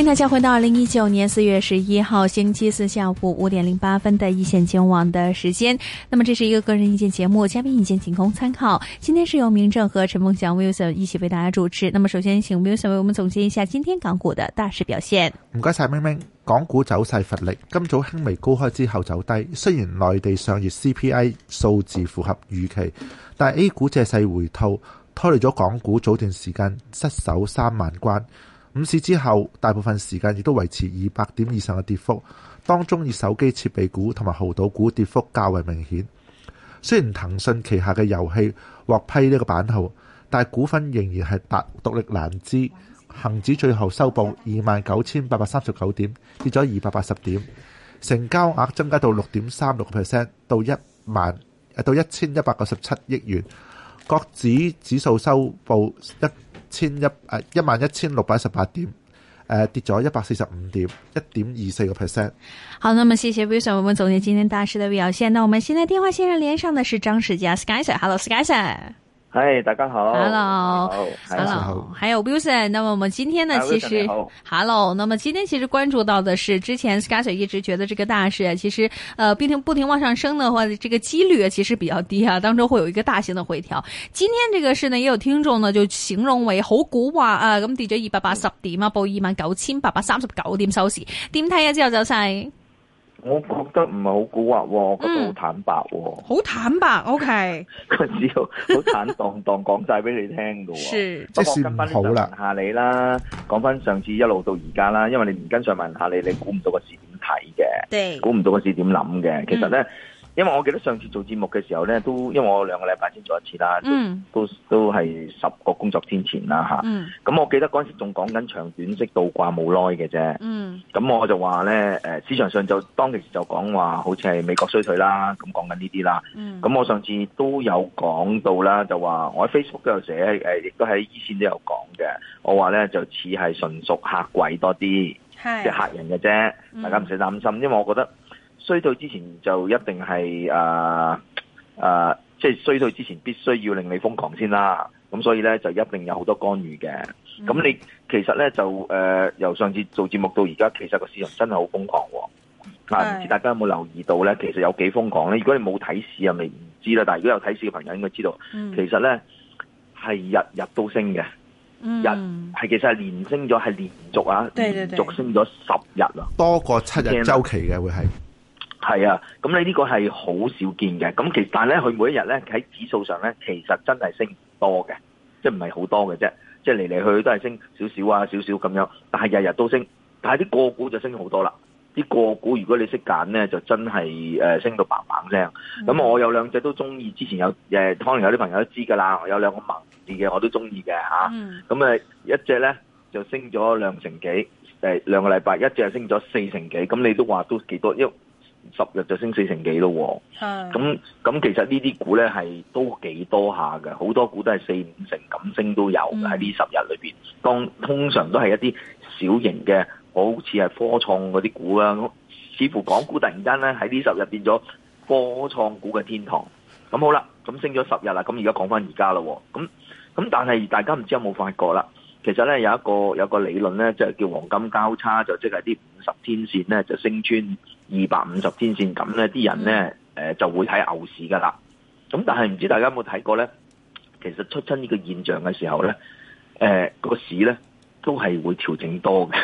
歡迎大家回到二零一九年四月十一號星期四下午五點零八分的一線前往的時間。那麼這是一個個人意見節目，嘉賓意見僅供參考。今天是由明正和陳鳳祥 Wilson 一起為大家主持。那麼首先請 Wilson 為我們總結一下今天港股的大市表現。唔該晒，明明，港股走勢乏力，今早輕微高開之後走低。雖然內地上月 CPI 數字符合預期，但 A 股借勢回吐，拖累咗港股早段時間失守三萬關。午市之後，大部分時間亦都維持二百點以上嘅跌幅，當中以手機設備股同埋豪賭股跌幅較為明顯。雖然騰訊旗下嘅遊戲獲批呢個版號，但係股份仍然係獨力難支。恒指最後收報二萬九千八百三十九點，跌咗二百八十點，成交額增加到六點三六個 percent 到一萬，到一千一百九十七億元。國指指數收報一，千一誒，一萬一千六百一十八點誒、呃，跌咗一百四十五點一點二四個 percent。好，那麼咁啊，謝謝 Vison，我們總結今天大市的表現。那我們現在電話線上連上的是張士佳 Skyson，Hello Skyson。嗨，hi, 大家好。Hello，好，Hello，還有 Wilson 那麼我們今天呢，其實 hi, welcome, Hello，那麼今天其實關注到的是之前 Scott 一直覺得這個大市，其實，呃，不停不停往上升的話，這個幾率其實比較低啊，當中會有一個大型的回調。今天這個市呢，也有聽眾呢就形容為好蠱惑啊，咁跌咗二百八十點啊，報二萬九千八百三十九點收市。點睇啊？之後走勢？我覺得唔係好蠱惑，我覺得好坦、嗯、坦白，好坦白，OK。佢只要好坦蕩蕩講晒俾你聽噶喎。 是不過今晚就問下你啦，講翻上次一路到而家啦，因為你唔跟上問下你，你估唔到個市點睇嘅，估唔對到個市點諗嘅。其實咧。嗯因為我記得上次做節目嘅時候咧，都因為我兩個禮拜先做一次啦、嗯，都都都係十個工作天前啦吓。咁、嗯、我記得嗰陣時仲講緊長短息倒掛冇耐嘅啫。咁、嗯、我就話咧，誒，市場上就當其時就講話，好似係美國衰退啦，咁講緊呢啲啦。咁、嗯、我上次都有講到啦，就話我喺 Facebook 都有寫，誒，亦都喺以線都有講嘅。我話咧就似係純屬嚇鬼多啲，即係嚇人嘅啫，大家唔使擔心，嗯、因為我覺得。衰退之前就一定係誒誒，即、啊、係、啊就是、衰退之前必須要令你瘋狂先啦。咁所以咧就一定有好多干預嘅。咁、嗯、你其實咧就誒由、呃、上次做節目到而家，其實個市場真係好瘋狂。啊，唔知大家有冇留意到咧？其實有幾瘋狂咧？如果你冇睇市，係咪唔知啦？但係如果有睇市嘅朋友，應該知道，嗯、其實咧係日日都升嘅。嗯、日係其實係連升咗，係連續啊，對對對連續升咗十日啊，多過七日周期嘅會係。係啊，咁你呢個係好少見嘅，咁其實但係咧佢每一日咧喺指數上咧，其實真係升多嘅，即係唔係好多嘅啫，即係嚟嚟去去都係升少少啊，少少咁樣，但係日日都升，但係啲個股就升好多啦，啲、那個股如果你識揀咧，就真係誒升到嘭嘭聲，咁我有兩隻都中意，之前有誒，可能有啲朋友都知噶啦，有兩個盲字嘅，我都中意嘅吓，咁誒、嗯、一隻咧就升咗兩成幾誒兩個禮拜，一隻係升咗四成幾，咁你都話都幾多，因十日就升四成幾咯，哦，咁咁的其實呢啲股咧係都幾多下嘅，好多股都係四五成咁升都有喺呢、嗯、十日裏邊。當通常都係一啲小型嘅，好似係科創嗰啲股啦、啊。咁似乎港股突然間咧喺呢十日變咗科創股嘅天堂。咁好啦，咁升咗十日啦，咁而家講翻而家啦。咁咁但係大家唔知有冇發覺啦？其實咧，有一個有一個理論咧，即係叫黃金交叉，就即係啲五十天綫咧就升穿二百五十天綫咁咧，啲人咧誒、嗯呃，就會睇牛市噶啦咁但係唔知大家有冇睇過咧？其實出親呢個現象嘅時候咧，誒、呃，個市咧都係會調整多嘅。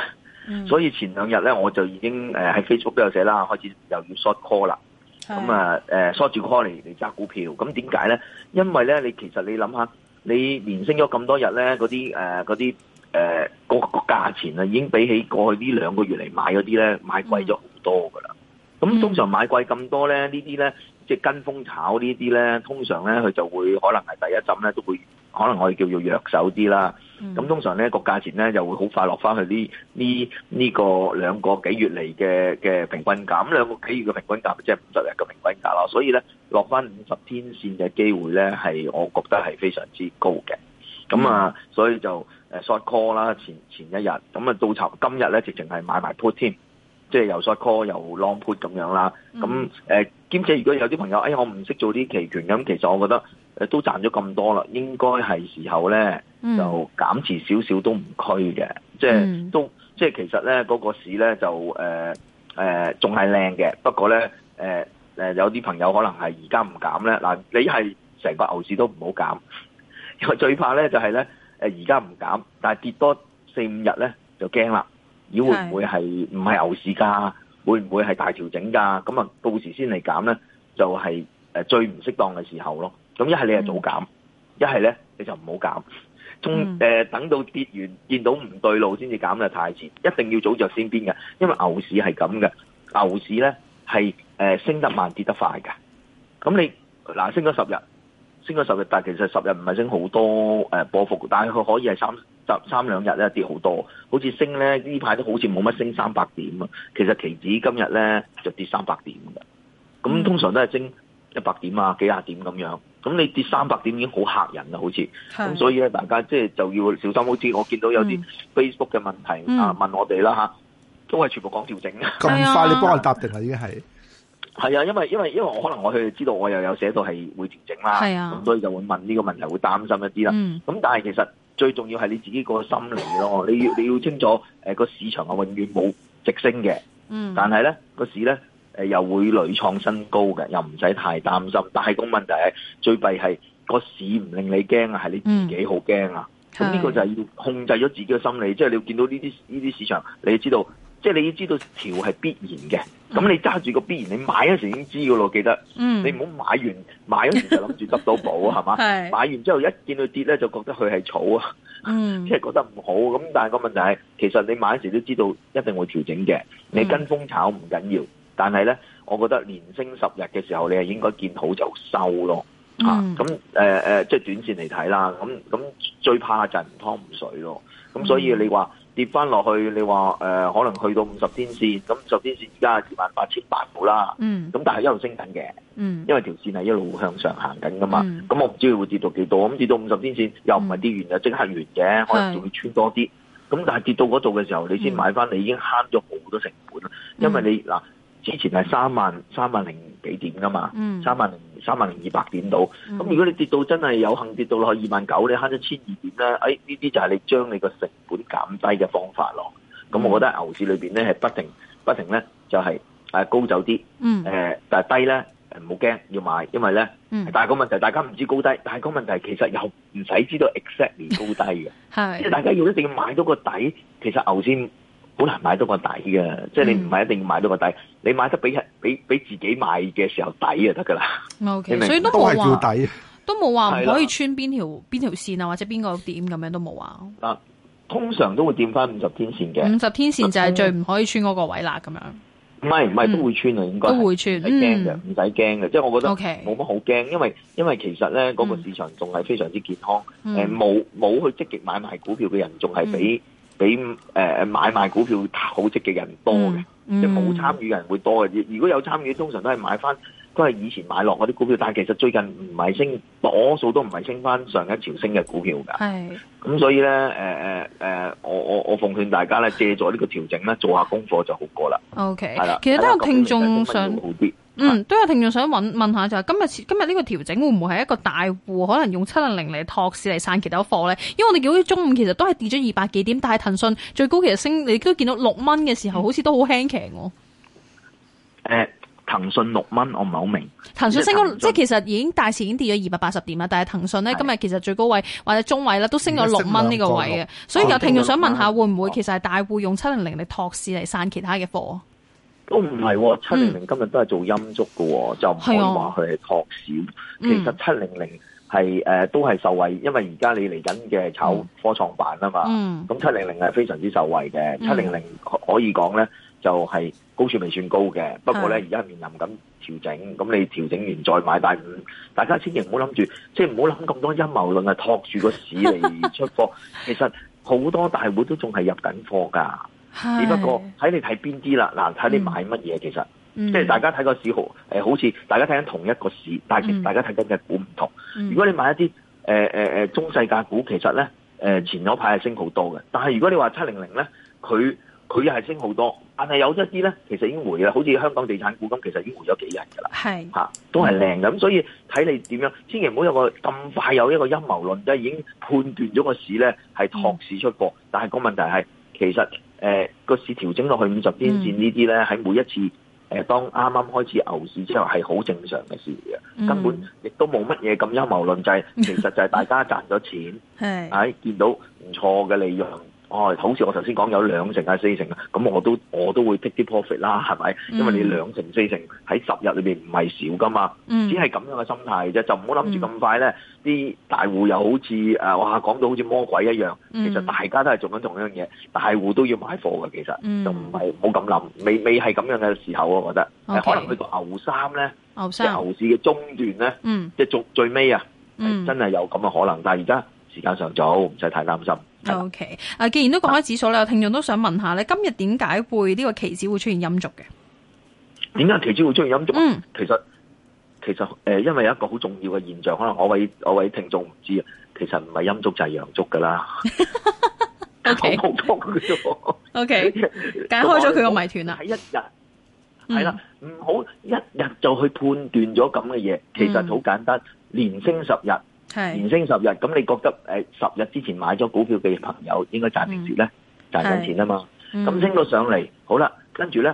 嗯、所以前兩日咧，我就已經誒喺 Facebook 都有寫啦，開始又要 short call 啦。咁啊的，誒、uh, short 住 call 嚟嚟，揸股票。咁點解咧？因為咧，你其實你諗下。你連升咗咁多日咧，嗰啲誒嗰啲誒嗰個價錢啊，已經比起過去呢兩個月嚟買嗰啲咧，買貴咗好多㗎啦。咁通常買貴咁多咧，呢啲咧即係跟風炒呢啲咧，通常咧佢就會可能係第一浸咧都會，可能我哋叫做弱手啲啦。咁、嗯、通常咧個價錢咧就會好快落翻去呢呢呢個兩個幾月嚟嘅嘅平均價。咁兩個幾月嘅平均價即係五十日。咁。所以咧落翻五十天線嘅機會咧，係我覺得係非常之高嘅。咁啊，mm. 所以就誒 short call 啦，前前一日咁啊，到尋今日咧，直情係買埋 put 添，即係又 short call 又 long put 咁樣啦。咁誒、mm.，兼且如果有啲朋友，哎，我唔識做啲期權咁，其實我覺得都賺咗咁多啦，應該係時候咧就減持少，少少都唔虧嘅。即係、mm. 都即係其實咧嗰、那個市咧就誒誒仲係靚嘅，不過咧誒。呃誒，有啲朋友可能係而家唔減咧，嗱，你係成個牛市都唔好減，因為最怕咧就係咧，誒，而家唔減，但係跌多四五日咧就驚啦，要會唔會係唔係牛市噶？會唔會係大調整噶？咁啊，到時先嚟減咧，就係誒最唔適當嘅時候咯。咁一係你係早減，一係咧你就唔好減，仲誒、mm. 呃、等到跌完見到唔對路先至減就太遲，一定要早着先邊嘅，因為牛市係咁嘅，牛市咧係。誒，升得慢，跌得快嘅。咁你嗱，升咗十日，升咗十日，但係其實十日唔係升好多誒，波幅，但係佢可以係三集三兩日咧跌好多。好似升咧呢排都好似冇乜升三百點啊，其實期指今日咧就跌三百點嘅。咁通常都係升一百點啊，幾廿點咁樣。咁你跌三百點已經好嚇人啦，好似咁，的所以咧大家即係就要小心。好似我見到有啲 Facebook 嘅問題、嗯、啊，問我哋啦吓，都係全部講調整。咁快你幫我答定啦，已經係。 係啊，因為因為因為我可能我去知道我又有寫到係會調整啦，咁、啊、所以就會問呢個問題會擔心一啲啦。咁、嗯、但係其實最重要係你自己個心理咯，你要你要清楚誒個、呃、市場係永遠冇直升嘅，嗯、但係咧個市咧誒、呃、又會屢創新高嘅，又唔使太擔心。但係個問題係最弊係個市唔令你驚啊，係你自己好驚啊。咁呢、嗯、個就係要控制咗自己嘅心理，即係是你要見到呢啲呢啲市場，你就知道。即係你要知道調係必然嘅，咁、嗯、你揸住個必然，你買嗰時候已經知噶咯，記得，嗯、你唔好買完買嗰時就諗住執到寶係嘛，買完之後一見到跌咧就覺得佢係草啊，即係、嗯、 覺得唔好，咁但係個問題係，其實你買嗰時都知道一定會調整嘅，你跟風炒唔緊要，嗯、但係咧，我覺得連升十日嘅時候，你係應該見好就收咯，嗯、啊，咁誒誒，即係短線嚟睇啦，咁咁最怕就係唔湯唔水咯，咁所以你話。嗯跌翻落去，你話誒、呃、可能去到五十天線，咁五十天線而家係二萬八千八股啦。嗯，咁但係一路升緊嘅，嗯，因為條線係一路向上行緊噶嘛。咁我唔知佢會跌到幾多，咁跌到五十天線又唔係跌完，又即、嗯、刻完嘅，可能仲要穿多啲。咁是、嗯嗯、但係跌到嗰度嘅時候，你先買翻，你已經慳咗好多成本啦，嗯、因為你嗱。之前係三萬三萬零幾點噶嘛，嗯、三萬零三萬零二百點到。咁、嗯、如果你跌到真係有幸跌到落去二萬九，哎、你慳咗千二點啦。誒，呢啲就係你將你個成本減低嘅方法咯。咁我覺得牛市裏面咧係不停不停咧就係高走啲，嗯、但係低咧唔好驚要買，因為咧、嗯、但係個問題大家唔知高低，但係個問題其實又唔使知道 exactly 高低嘅，即係大家要一定要買到個底，其實牛先。好難買到個底嘅，即係你唔係一定要買到個底，你買得比人比比自己買嘅時候底就得噶啦。O K，所以都冇話都冇話唔可以穿邊條邊條線啊，或者邊個點咁樣都冇話。嗱，通常都會墊翻五十天線嘅，五十天線就係最唔可以穿嗰個位啦。咁樣唔係唔係都會穿啊，應該都會穿。唔使驚嘅，即係我覺得冇乜好驚，因為因為其實咧嗰個市場仲係非常之健康，誒冇冇去積極買賣股票嘅人仲係比。比誒、呃、買賣股票好積極嘅人多嘅，嗯、即係冇參與嘅人會多嘅。如果有參與，通常都係買翻，都係以前買落嗰啲股票。但係其實最近唔係升，多數都唔係升翻上一朝升嘅股票㗎。咁是、嗯，所以咧誒誒我我我奉勸大家咧，借助呢個調整咧，做下功課就好過啦。OK，係啦的。其實都有聽眾想。嗯，都有對聽眾想問問一下，就係今日今日呢個調整會唔會係一個大戶可能用七零零嚟托市嚟散其他貨咧？因為我哋見到中午其實都係跌咗二百幾點，但係騰訊最高其實升，你都見到六蚊嘅時候好像，啊，好似都好輕騎喎。誒，騰訊六蚊，我唔係好明。騰訊升咗，即係其實已經大市已經跌咗二百八十點啦！但係騰訊咧今日其實最高位或者中位咧都升咗六蚊呢個位嘅，所以有聽眾想問一下，會唔會其實係大戶用七零零嚟托市嚟散其他嘅貨？都唔係喎，七零零，嗯、今日都係做陰燭喎，嗯、就唔可以話佢係托少。嗯、其實七零零係誒都係受惠，因為而家你嚟緊嘅炒科創板啊嘛。咁七零零係非常之受惠嘅，七零零可以講咧就係、是、高處未算高嘅，嗯、不過咧而家面臨緊調整，咁、嗯、你調整完再買大五，大家千祈唔好諗住，即係唔好諗咁多陰謀論係托住個市嚟出貨。 其實好多大戶都仲係入緊貨噶。只是不過睇你睇邊啲啦，嗱睇你買乜嘢其實，嗯嗯、即係大家睇個市好，誒好似大家睇緊同一個市，但係大家睇緊嘅股唔同。嗯嗯、如果你買一啲誒誒誒中世界股，其實咧誒、呃、前嗰排係升好多嘅。但係如果你話七零零咧，佢佢又係升好多，但係有一啲咧其實已經回啦，好似香港地產股咁，其實已經回咗幾日噶啦，係吓是、啊、都係靚咁。所以睇你點樣，千祈唔好有個咁快有一個陰謀論，即係已經判斷咗個市咧係托市出貨。嗯、但係個問題係其實。誒，個市調整落去五十天線，嗯、呢啲咧，喺每一次誒、呃，當啱啱開始牛市之後，係好正常嘅事嘅，嗯、根本亦都冇乜嘢咁陰謀論制，就係，其實就係大家賺咗錢，喺、 哎、見到唔錯嘅利潤。哦，好似我頭先講有兩成啊、四成啊，咁我都我都會 pick 啲 profit 啦，係咪？嗯、因為你兩成四成喺十日裏面唔係少噶嘛，嗯、只係咁樣嘅心態啫，就唔好諗住咁快咧。啲、嗯、大戶又好似誒哇講到好似魔鬼一樣，嗯、其實大家都係做緊同樣嘢，大戶都要買貨嘅，其實，嗯、就唔係好咁諗，未未係咁樣嘅時候、啊，我覺得，okay，可能去到牛三咧，即係牛，三牛市嘅中段咧，嗯、即係最最尾啊，嗯、真係有咁嘅可能，但係而家時間尚早，唔使太擔心。O K，啊，okay, 既然都講開指數，我聽眾都想問下咧，今日點解會呢個期指會出現陰燭嘅？點解期指會出現陰燭？嗯其，其實其實誒，因為有一個好重要嘅現象，可能我位我位聽眾唔知啊，其實唔係陰燭就係陽燭噶啦。講好多嘅。O K，解開咗佢個謎團啦，係一日，係啦、嗯，唔好一日就去判斷咗咁嘅嘢。其實好簡單，嗯、連升十日。年是升十日，咁你覺得誒、呃、十日之前買咗股票嘅朋友應該賺蝕咧？賺緊、嗯、錢啊嘛，咁、嗯、升到上嚟，好啦，跟住咧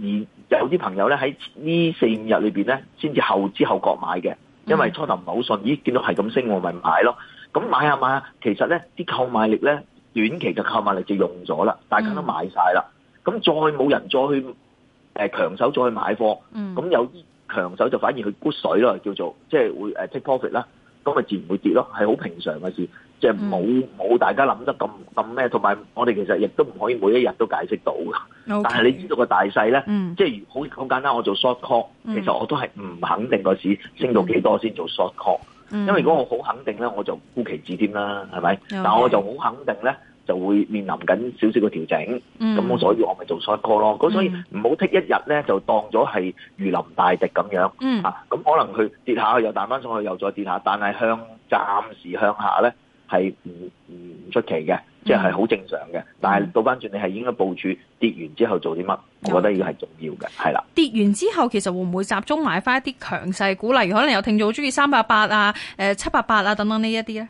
而有啲朋友咧喺呢四五日裏邊咧，先至後知後覺買嘅，因為初頭唔係好信，嗯、咦見到係咁升，我咪買咯。咁買下買下，其實咧啲購買力咧短期嘅購買力就用咗啦，大家都買晒啦，咁、嗯、再冇人再去誒強手再去買貨，咁、嗯、有啲強手就反而去沽水咯，叫做即係會誒 take profit 啦。咁咪自然唔會跌咯，係好平常嘅事，即係冇冇大家諗得咁咁咩，同埋我哋其實亦都唔可以每一日都解釋到嘅。Okay，但係你知道個大勢咧，嗯、即係好好簡單。我做 short call，、嗯、其實我都係唔肯定個市升到幾多先做 short call，、嗯、因為如果我好肯定咧，我就沽期指添啦，係咪？Okay. 但我就好肯定咧。就會面臨緊少少嘅調整，咁、嗯、所以我咪做 short 咯。咁、嗯、所以唔好剔一日咧，就當咗係如臨大敵咁樣、嗯、啊。咁可能佢跌下，又彈翻上去，又再跌下，但係向暫時向下咧係唔唔唔出奇嘅，即係好正常嘅。嗯、但係倒翻轉，嗯、你係應該部署跌完之後做啲乜？我覺得依個係重要嘅，係、嗯、啦。跌完之後，其實會唔會集中買翻一啲強勢股？例如可能有聽眾中意三百八啊、誒七百八啊等等這些呢一啲咧。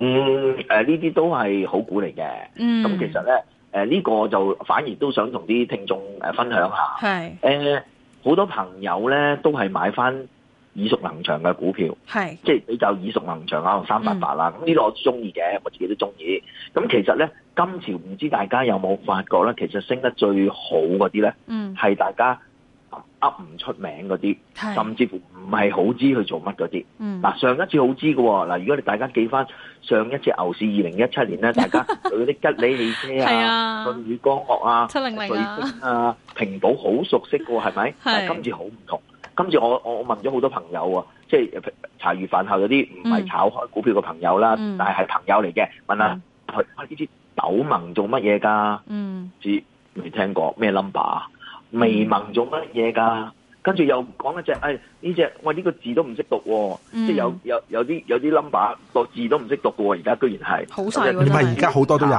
嗯，誒呢啲都係好股嚟嘅，咁、嗯、其實咧，誒、呃、呢、呢個就反而都想同啲聽眾誒分享一下，係誒好多朋友咧都係買翻耳熟能詳嘅股票，係是即係比較耳熟能詳啊，三八八啦，咁呢個我中意嘅，我自己都中意。咁其實咧，今朝唔知大家有冇發覺咧，其實升得最好嗰啲咧，嗯，係大家。呃，唔出名嗰啲，是甚至乎唔係好知佢做乜嗰啲。嗱、嗯、上一次好知㗎喎、哦，嗱如果你大家記翻上一次牛市二零一七年咧， 大家嗰啲吉利汽車啊、順宇、啊、光學啊、七零零啊、水星啊、平保好熟悉嘅喎、哦，係咪？是但今次好唔同，今次我我問咗好多朋友啊、哦，即、就、係、是、茶餘飯後有啲唔係炒開股票嘅朋友啦，嗯、但係係朋友嚟嘅，問下佢呢啲斗盟做乜嘢㗎？嗯，知未聽過咩 number 啊？未明做乜嘢噶，跟住又講一隻，誒呢隻我呢個字都唔識讀、哦，嗯、即係有有有啲有啲 number 個字都唔識讀喎、哦。而家居然係，唔係而家好多都有，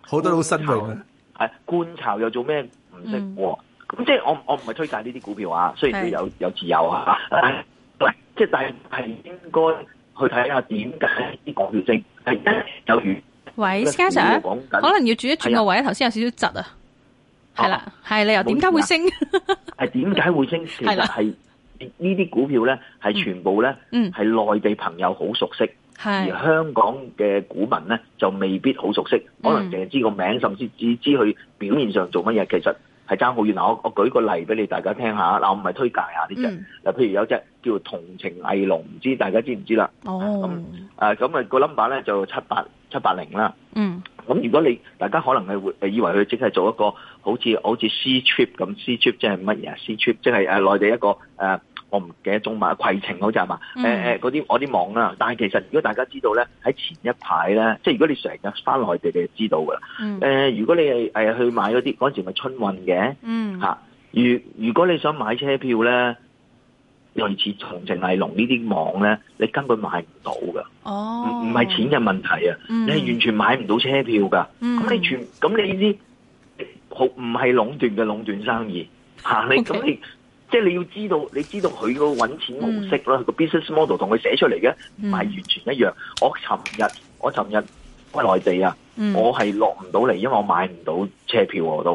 好多都新嘅，係觀，觀巢又做咩唔識？咁、嗯嗯、即係我我唔係推介呢啲股票啊，雖然佢有有自由有啊，哎、即係但係應該去睇下點解啲股票升係有如，喂先生，家可能要轉一轉個位，頭先有少少窒啊。係啦，係你又點解會升？係點解會升？其實係呢啲股票咧，係全部咧，係內地朋友好熟悉，嗯、而香港嘅股民咧就未必好熟悉，的可能淨係知個名，甚至只知佢表面上做乜嘢，其實。係爭好遠嗱，我我舉個例俾你大家聽下嗱，我唔係推介啊啲嘅，嗱、嗯、譬如有隻叫做同程藝龍，唔知大家知唔知啦？哦、嗯，咁啊咁啊個 number 咧就七八七八零啦。嗯，嗯，咁如果你大家可能係會以為佢即係做一個好似好似 C trip 咁 C trip，即係乜嘢 C trip，即係誒內地一個誒。呃我唔記得中埋，攜程好似係嘛？誒誒、嗯，嗰啲、呃、我啲網啦。但係其實如果大家知道咧，喺前一排咧，即係如果你成日翻內地，你就知道噶啦。誒、嗯呃，如果你係、呃、去買嗰啲，嗰時咪春運嘅。嗯。吓、啊，如如果你想買車票咧，類似攜程、藝龍呢啲網咧，你根本買唔到噶。哦。唔係係錢嘅問題啊，你係完全買唔到車票噶。咁你全，咁你呢啲，好唔係壟斷嘅壟斷生意吓，你咁你。即係你要知道，你知道佢個搵錢模式啦，佢個 business model 同佢寫出嚟嘅唔係完全一樣。我尋日我尋日去內地啊，我係落唔到嚟，因為我買唔到車票我都。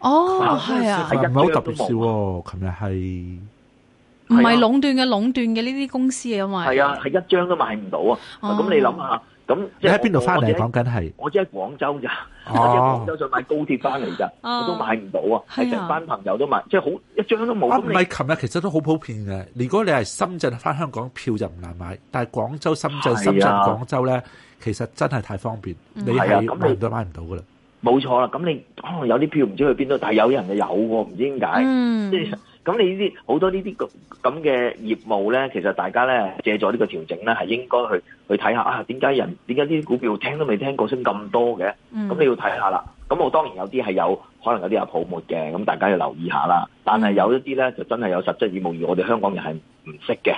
哦，係啊，係一張都冇。特別笑喎，琴日係唔係壟斷嘅壟斷嘅呢啲公司啊嘛。係啊，係一張都買唔到啊。咁你諗下。咁你喺邊度翻嚟？我講緊係，我只喺廣州咋？我只喺廣州再買高鐵翻嚟咋？我都買唔到啊！成班朋友都買，即係好一張都冇。啊，唔係，琴日其實都好普遍嘅。如果你係深圳翻香港票就唔難買，但係廣州、深圳、深圳、廣州咧，其實真係太方便，你係咁你都買唔到噶啦。冇錯啦，咁你可能有啲票唔知去邊度，但係有人就有喎，唔知點解。咁你呢啲好多呢啲咁咁嘅業務咧，其實大家咧借咗呢個調整咧，係應該去去睇下啊，點解人點解啲股票聽都未聽過升咁多嘅？咁你要睇下啦。咁我當然有啲係有可能有啲有泡沫嘅，咁大家要留意下啦。但係有一啲咧就真係有實質業務，而我哋香港人係唔識嘅，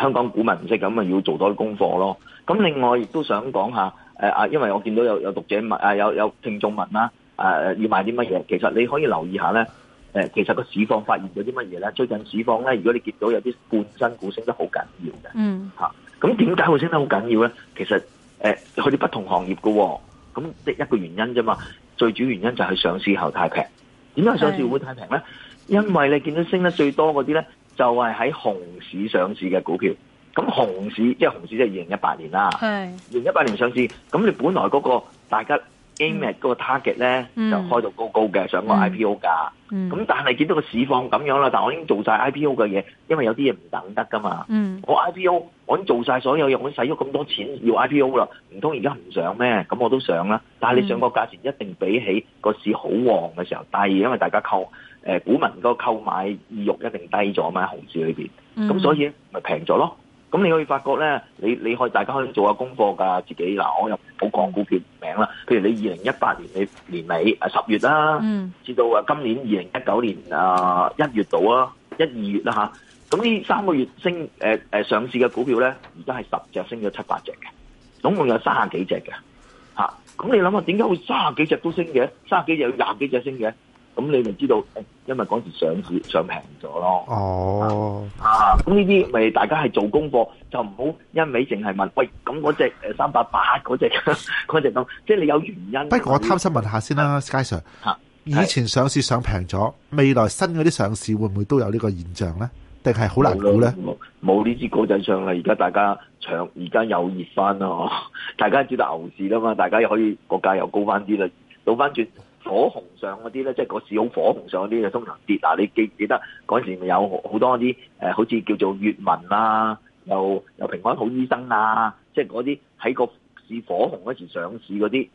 香港股民唔識咁啊，要做多啲功課咯。咁另外亦都想講下誒啊，因為我見到有有讀者問啊，有有聽眾問啦，啊，要買啲乜嘢？其實你可以留意下咧。其實個市況發現咗啲乜嘢咧？最近市況咧，如果你見到有啲半新股升得好緊要嘅，嗯，咁點解會升得好緊要咧？其實誒，佢、呃、哋不同行業嘅、哦，咁即一個原因啫嘛。最主要原因就係上市後太平。點解上市會太平咧？是因為你見到升得最多嗰啲咧，就係喺熊市上市嘅股票。咁熊市即係熊市即係二零一八年啦。係二零一八年上市，咁你本來嗰個大家。aim at 嗰個 target 咧、嗯、就開到高高嘅，嗯、上個 IPO 價。咁、嗯嗯、但係見到個市況咁樣啦，但我已經做晒 IPO 嘅嘢，因為有啲嘢唔等得噶嘛。嗯、我 IPO 我已經做晒所有嘢，我已經使咗咁多錢要 IPO 啦，唔通而家唔上咩？咁我都上啦。但係你上個價錢一定比起個市好旺嘅時候低，因為大家購誒、呃、股民個購買意欲一定低咗嘛，喺熊市裏邊。咁所以咪平咗咯。咁你可以發覺咧，你你可以大家可以做下功課噶自己。嗱，我又冇講股票名啦。譬如你二零一八年你年尾啊十月啦、啊，至、嗯、到啊今年二零一九年啊一月度啊一二月啦嚇。咁呢三個月升、呃、上市嘅股票咧，而家係十隻升咗七八隻嘅，總共有卅幾隻嘅咁、啊、你諗下點解會卅幾隻都升嘅？卅幾隻有廿幾隻升嘅？咁你咪知道，哎、因為嗰時上市上平咗咯。哦，啊，咁呢啲咪大家係做功課，就唔好一味淨係問，喂，咁嗰隻誒三百八嗰隻嗰隻咁，即係你有原因。不過我貪心問下先啦是，Sky Sir，嚇，以前上市上平咗，未來新嗰啲上市會唔會都有呢個現象咧？定係好難估咧？冇呢支高陣上嚟，而家大家搶，而家又熱翻啦！大家知道牛市啦嘛，大家又可以個價又高翻啲啦，倒翻轉。火紅上嗰啲咧，即係嗰時好火紅上嗰啲，就通常跌。嗱，你記記得嗰陣時咪有好多啲誒，好似叫做粵文啊，又又平安好醫生啊，即係嗰啲喺個市火紅嗰時上市嗰啲，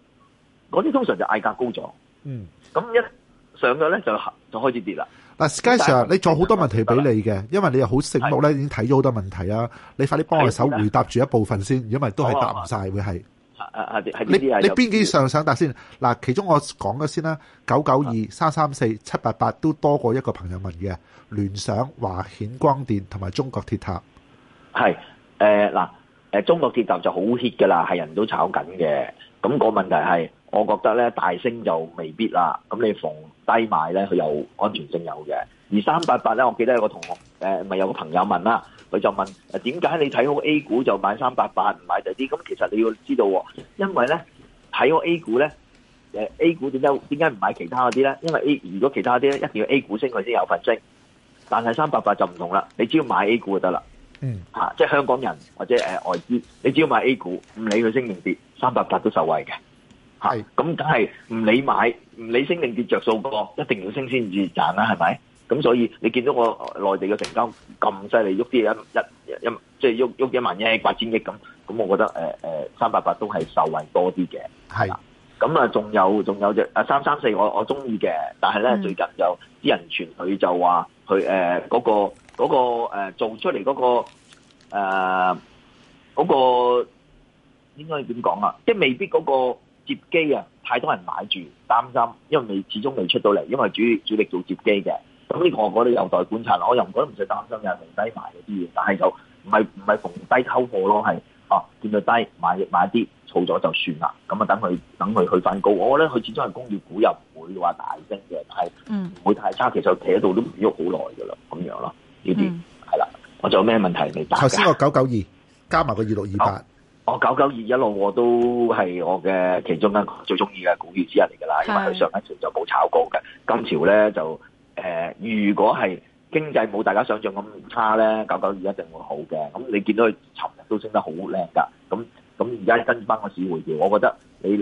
嗰啲通常就嗌價高咗。嗯，咁一上咗咧就就開始跌啦。但 e 是 s p e 雷 Sir, 你仲好多問題俾你嘅，的因為你又好醒目咧，的已經睇咗好多問題啦。你快啲幫我手回答住一部分先，如果唔都係答唔晒會係。啊啊啲係呢啲啊！你邊有幾上上達先嗱、啊？其中我講咗先啦，九九二、三三四、七八八都多過一個朋友問嘅的聯想、華顯光電同埋中國鐵塔。係誒嗱誒，中國鐵塔就好 hit 嘅啦，係人都炒緊嘅。咁、咁個問題係，我覺得咧大升就未必啦。咁你逢低買咧，佢有安全性有嘅。嗯而三八八咧，我記得有個同學誒，咪、呃、有個朋友問啦，佢就問點解你睇好 A 股就買三八八，唔買就啲？咁其實你要知道、哦，因為咧睇好 A 股咧、啊，A 股點解點解唔買其他嗰啲咧？因為 A 如果其他啲咧一定要 A 股升佢先有份升，但係三八八就唔同啦，你只要買 A 股就得啦。嗯，啊、即係香港人或者、呃、外資，你只要買 A 股，唔理佢升定跌，三八八都受惠嘅。係、啊，咁梗係唔理買唔理升定跌着數個，一定要升先至賺啦，係咪？咁所以你見到我內地嘅成交咁犀利，喐啲一一一即係喐喐一萬一，八千億咁，咁我覺得誒誒、呃、三八八都係受惠多啲嘅。咁係啊，仲有仲有隻啊三三四，我我中意嘅，但係咧、嗯、最近有啲人傳佢就話佢嗰個嗰、嗰個、呃、做出嚟嗰、嗰個誒嗰、呃嗰個應該點講啊？即係未必嗰個接機啊，太多人買住擔心，3, 3, 因為未始終未出到嚟，因為主主力做接機嘅。咁呢個我都有待觀察啦，我又唔覺得唔使擔心又係逢低買嗰啲嘢，但係就唔係唔係逢低溝貨咯，係啊見到低買買啲，儲咗就算啦，咁啊等佢等佢去翻高。我覺得佢始終係工業股，又唔會話大升嘅，但係唔會太差。Mm. 其實企喺度都唔喐好耐嘅咯，咁樣咯呢啲係啦。我仲有咩問題未答？頭先我九九二加埋個二、oh, oh, 六二八，我九九二一路我都係我嘅其中一個最中意嘅股票之一嚟㗎啦，的因為佢上一朝就冇炒過嘅，今朝咧就。誒，如果係經濟冇大家想象咁差咧，九九二一定會好嘅。咁你見到佢尋日都升得好靚㗎，咁咁而家跟翻個市回調，我覺得你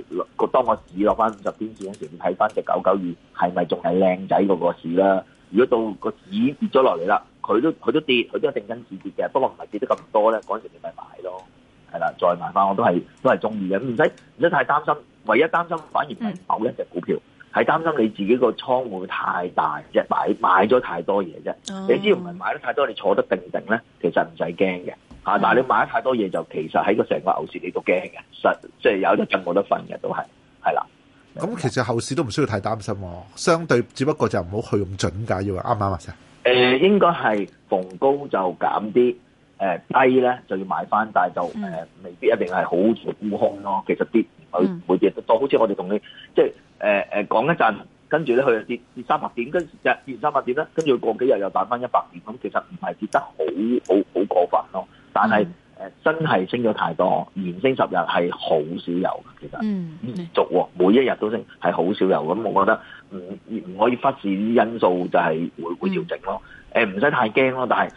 當我市落翻五十天線嗰時，你睇翻隻九九二係咪仲係靚仔過個市啦。如果到個市跌咗落嚟啦，佢都佢都跌，佢都一定跟住跌嘅，不過唔係跌得咁多咧，嗰陣時你咪買咯。係啦，再買翻我都係都係中意嘅，唔使唔使太擔心，唯一擔心反而係某一隻股票。係擔心你自己個倉會太大，即係買買咗太多嘢啫。Oh. 你只要唔係買得太多，你坐得定定咧，其實唔使驚嘅吓。Oh. 但係你買得太多嘢，就其實喺個成個牛市你都驚嘅，實即係有得進冇得瞓嘅，都係係啦。咁、嗯、其實後市都唔需要太擔心，相對只不過就唔好去咁準噶，要話啱唔啱啊？先誒、呃，應該係逢高就減啲，誒、呃、低咧就要買翻，但係就誒、呃、未必一定係好沽空咯。其實啲。嗯、每好似我哋同你即係誒誒講一陣，跟住咧佢跌跌三百點，跟住跌三百點啦，跟住過幾日又彈翻一百點，咁其實唔係跌得好好好過分咯。但係誒、嗯、真係升咗太多，連升十日係好少有嘅，其實連續、嗯嗯、每一日都升係好少有。咁我覺得唔唔可以忽視啲因素就，就係會會調整咯。誒、嗯，唔使、呃、太驚咯，但係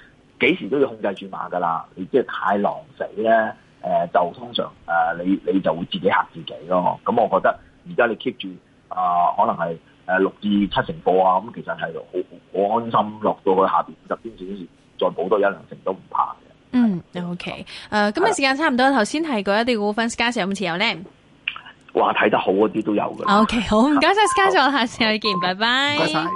幾時都要控制住碼噶啦。你即係太狼死咧。誒、呃，就通常誒、呃，你你就會自己吓自己咯。咁我覺得而家你 keep 住啊，可能係誒六至七成貨啊，咁其實係度好安心落到去下邊，五十邊點，再補多一兩成都唔怕嘅。嗯，OK，誒，咁嘅時間差唔多，頭先係嗰一啲股份士佳有冇持有咧？哇，睇得好嗰啲都有嘅。OK，好，唔該晒士佳，我下次再見，好拜拜。謝謝。